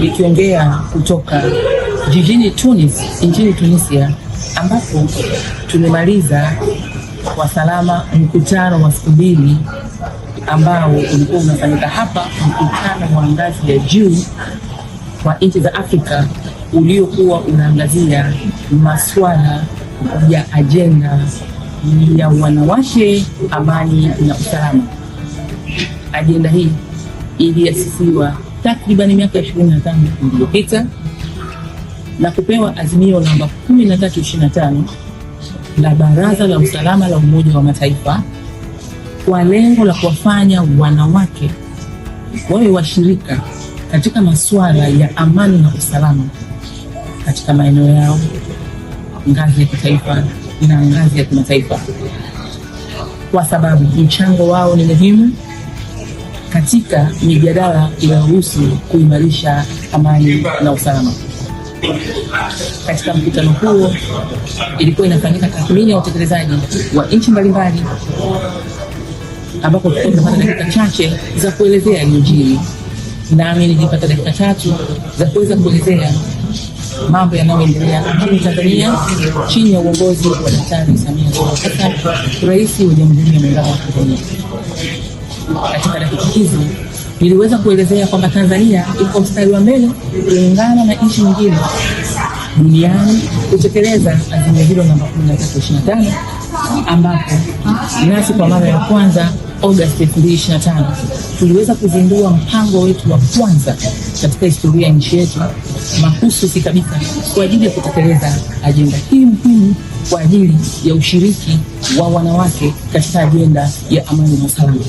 nikiongea kutoka jijini Tunis nchini Tunisia, ambapo tumemaliza kwa salama mkutano wa siku mbili ambao ulikuwa unafanyika hapa, mkutano wa ngazi ya juu wa nchi za Afrika uliokuwa unaangazia masuala ya ajenda ya wanawake, amani na usalama. Ajenda hii iliasisiwa takriban miaka ishirini na tano iliyopita na kupewa azimio namba 1325 la Baraza la Usalama la Umoja wa Mataifa kwa lengo la kuwafanya wanawake wawe washirika katika masuala ya amani na usalama katika maeneo yao ngazi ya kitaifa na ngazi ya kimataifa, kwa sababu mchango wao ni muhimu katika mijadala inayohusu kuimarisha amani na usalama. Katika mkutano huo ilikuwa inafanyika tathmini ya utekelezaji wa nchi mbalimbali, ambapo tulikuwa tunapata dakika chache za kuelezea yaliyojiri, nami nilipata dakika tatu za kuweza kuelezea mambo yanayoendelea nchini Tanzania chini ya uongozi wa Daktari Samia Suluhu Hassan, rais wa Jamhuri ya Muungano wa Tanzania katika dakika hizi niliweza kuelezea kwamba Tanzania iko mstari wa mbele kulingana na nchi nyingine duniani kutekeleza azimio hilo namba 1325 ambapo nasi kwa mara ya kwanza Agosti 2025 tuliweza kuzindua mpango wetu wa kwanza katika historia ya nchi yetu mahususi kabisa kwa ajili ya kutekeleza ajenda hii muhimu kwa ajili ya ushiriki wa wanawake katika ajenda ya amani na usalama.